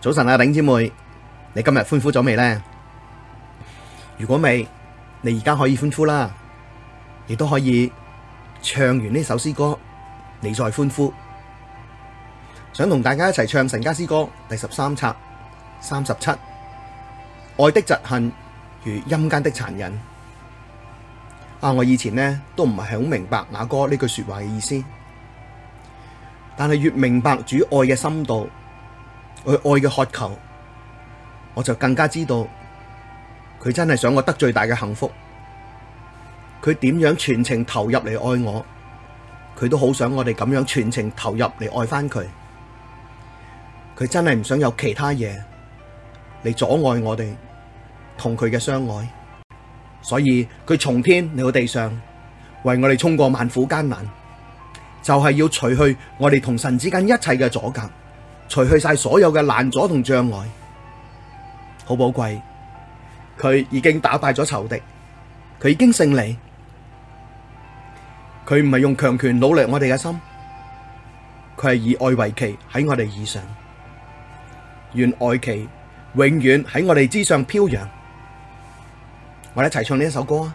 早晨啊，頂姐妹，你今日歡呼咗未呢？如果未，你而家可以歡呼啦，亦都可以唱完呢首詩歌，你再歡呼。想同大家一齊唱神家詩歌第十三冊三十七，愛的嫉恨如陰間的殘忍。啊，我以前呢，都唔係好明白那歌呢句說話嘅意思，但係越明白主愛嘅深度。去愛嘅渴求，我就更加知道佢真係想我得最大嘅幸福。佢點樣全程投入嚟愛我，佢都好想我哋咁樣全程投入嚟愛翻佢。佢真係唔想有其他嘢嚟阻礙我哋同佢嘅相愛。所以佢從天嚟到地上，為我哋衝過萬苦艱難，就係要除去我哋同神之間一切嘅阻隔。除去晒所有嘅攔阻同障礙，好寶貴。佢已經打敗咗仇敵，佢已經勝利。佢唔係用強權擄掠我哋嘅心，佢係以愛為旗喺我哋以上。願愛旗永遠喺我哋之上飄揚。我哋一齊唱呢一首歌啊！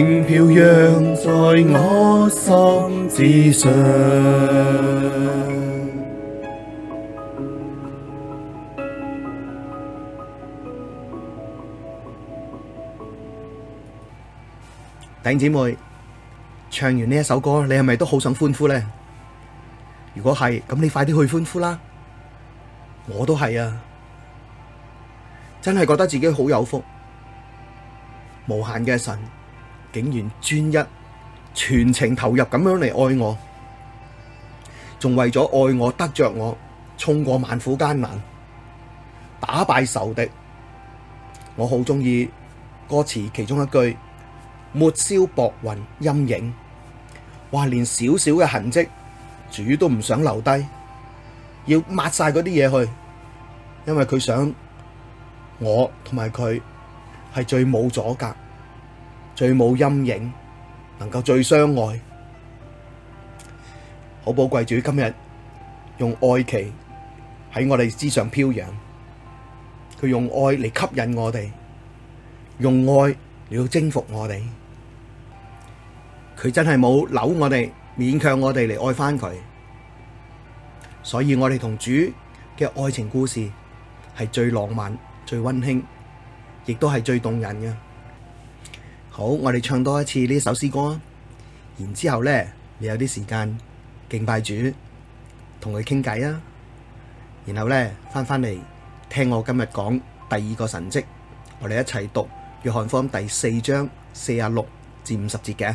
永飄揚在我心之上，頂姐妹唱完呢一首歌，你係咪都好想歡呼呢？如果係，咁你快啲去歡呼啦！我都係啊，真係覺得自己好有福，無限嘅神。竟然專一，全程投入咁樣嚟愛我，仲為咗愛我得着我，衝過萬苦艱難，打敗仇敵。我好中意歌詞其中一句：抹消薄雲陰影，哇！連少少嘅痕迹，主都唔想留低，要抹晒嗰啲嘢去，因為佢想我同埋佢係最冇阻隔。最冇陰影，能夠最相愛，好寶貴。主今日用愛旗喺我哋之上飄揚，佢用愛嚟吸引我哋，用愛嚟到征服我哋。佢真係冇扭我哋，勉強我哋嚟愛返佢。所以我哋同主嘅愛情故事係最浪漫、最溫馨，亦都係最動人嘅。好，我哋唱多一次呢首詩歌，然之後咧，你有啲時間敬拜主，同佢傾偈啊，然後咧，返返嚟聽我今日講第二個神蹟，我哋一齊讀約翰福音第四章四十六至五十節嘅。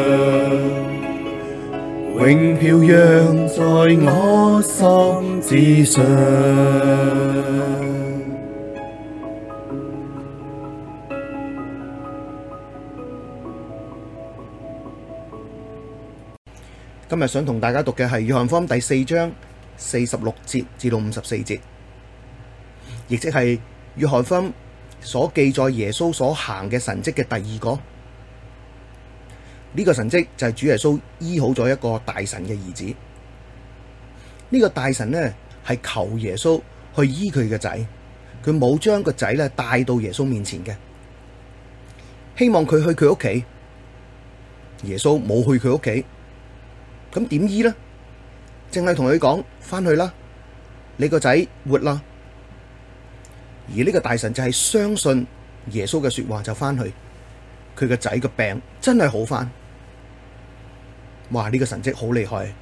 永飄揚在我心之上。今日想同大家讀嘅係《約翰福音》第四章四十六節至到五十四節，亦即係《約翰福音》所記載耶穌所行嘅神蹟嘅第二個。呢個神迹就係主耶穌醫好咗一個大臣嘅兒子。呢個大臣呢，係求耶穌去醫佢嘅仔，佢冇將個仔呢帶到耶穌面前嘅，希望佢去佢屋企。耶穌冇去佢屋企，咁點醫呢？淨係同佢講，翻去啦，你個仔活啦。而呢個大臣就係相信耶穌嘅說話，就翻去。佢個仔個病，真係好翻。哇！呢、這個神跡好厲害，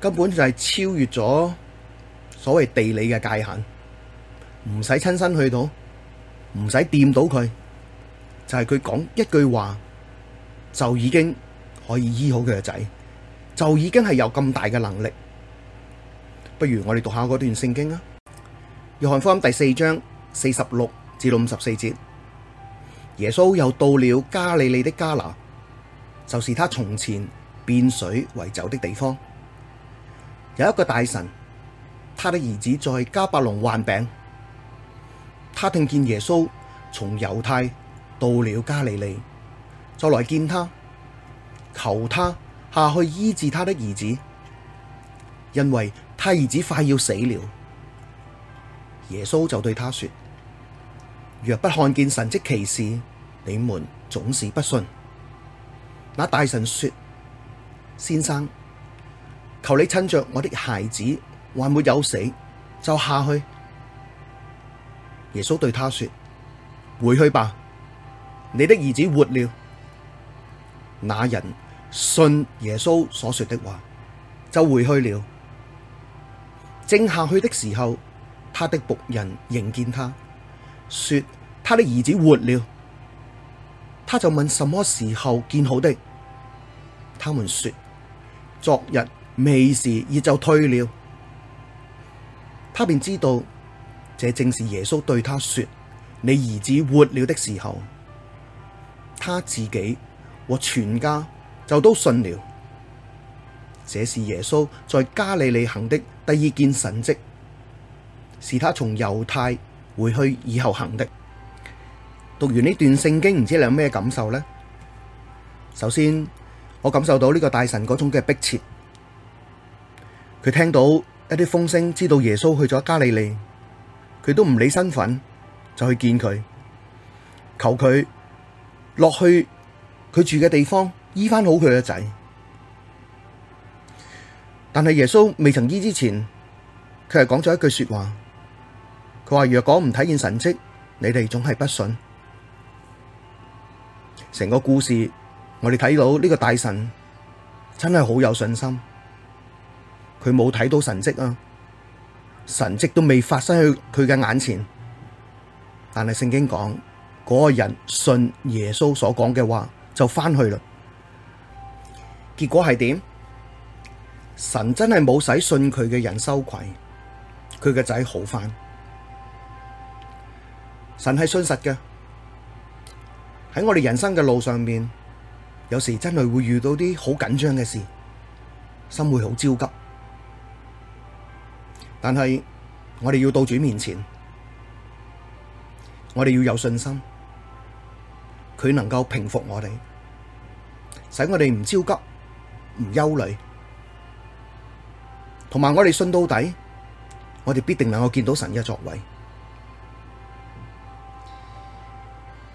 根本就係超越咗所謂地理嘅界限，唔使親身去到，唔使掂到佢，就係佢講一句話，就已經可以醫好佢嘅仔，就已經係有咁大嘅能力。不如我哋讀下嗰段聖經啊，《約翰福音》第四章四十六至到五十四節，耶穌又到了加利利的迦拿，就是他從前。變水為酒的地方，有一個大臣，他的兒子在迦百農患病，他聽見耶穌從猶太到了加利利，就來見他，求他下去醫治他的兒子，因為他兒子快要死了。耶穌就對他說：若不看見神蹟奇事，你們總是不信。那大臣說。先生，求你趁著我的孩子，還沒有死，就下去。耶穌對他說：回去吧，你的兒子活了。那人信耶穌所說的話，就回去了。正下去的時候，他的僕人迎見他說：他的兒子活了。他就問：什麼時候見好的？他們說。昨日未時熱就退了。他便知道這正是耶穌對他說：你兒子活了的時候，他自己和全家就都信了。這是耶穌在加利利行的第二件神蹟，是他從猶太回去以後行的。讀完呢段聖經，唔知你有咩感受呢？首先。我感受到呢個大臣嗰種嘅迫切，佢聽到一啲風聲，知道耶穌去咗加利利，佢都唔理身份就去見佢，求佢落去佢住嘅地方醫翻好佢嘅仔。但係耶穌未曾醫之前，佢係講咗一句話說話，佢話若果唔體現神蹟，你哋總係不信。成個故事。我哋睇到呢個大臣真係好有信心，佢冇睇到神蹟啊，神蹟都未發生喺佢嘅眼前，但係聖經講嗰個人信耶穌所講嘅話就翻去啦，結果係點？神真係冇使信佢嘅人羞愧，佢嘅仔好翻，神係信實嘅，喺我哋人生嘅路上面。有時真係會遇到啲好緊張嘅事，心會好焦急。但係我哋要到主面前，我哋要有信心，佢能夠平復我哋，使我哋唔焦急、唔憂慮。同埋我哋信到底，我哋必定能夠見到神嘅作為。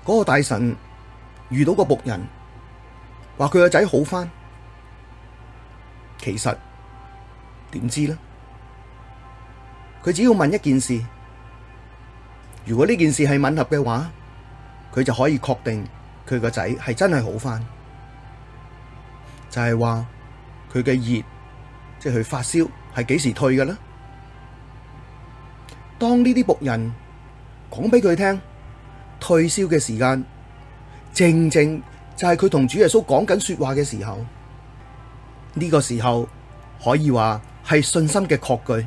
嗰個大臣遇到個僕人。話佢個仔好翻，其實點知呢？佢只要問一件事，如果呢件事係吻合嘅話，佢就可以確定佢個仔係真係好翻。就係話佢嘅熱，即係佢發燒，係幾時退嘅呢？當呢啲僕人講俾佢聽，退燒嘅時間正正。正正就係佢同主耶穌講緊說話嘅時候，呢個時候可以話係信心嘅確據，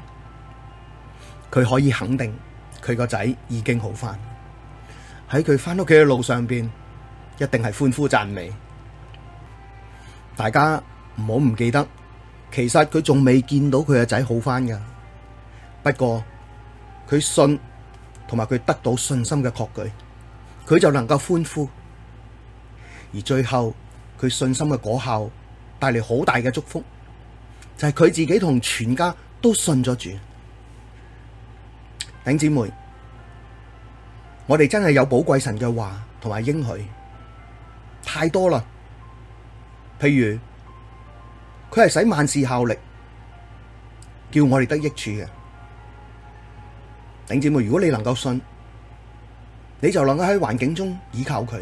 佢可以肯定佢個仔已經好翻。喺佢翻屋企嘅路上邊，一定係歡呼讚美。大家唔好唔記得，其實佢仲未見到佢嘅仔好翻噶。不過佢信同埋佢得到信心嘅確據，佢就能夠歡呼。而最後，佢信心嘅果效帶嚟好大嘅祝福，就係佢自己同全家都信咗主。頂姊妹，我哋真係有寶貴神嘅話同埋應許，太多啦。譬如佢係使萬事效力，叫我哋得益處嘅。頂姊妹，如果你能夠信，你就能夠喺環境中依靠佢。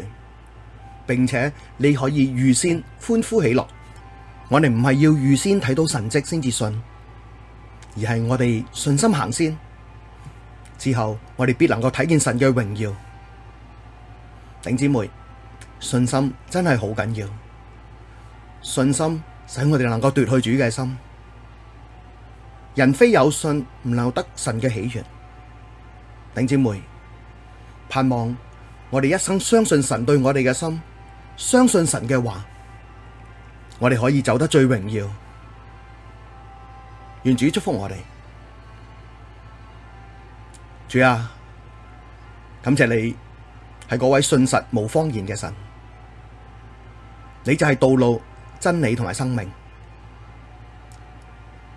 並且你可以預先歡呼喜樂，我哋唔係要預先睇到神蹟先至信，而係我哋信心行先，之後我哋必能夠睇見神嘅榮耀。頂姊妹，信心真係好緊要，信心使我哋能夠奪去主嘅心，人非有信唔能夠得神嘅喜悅。頂姊妹，盼望我哋一生相信神對我哋嘅心。相信神嘅話，我哋可以走得最榮耀。願主祝福我哋，主啊，感謝你係嗰位信實無方言嘅神，你就係道路、真理同埋生命，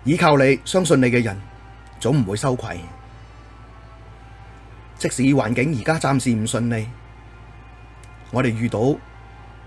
依靠你相信你嘅人總唔會羞愧，即使環境而家暫時唔順利，我哋遇到。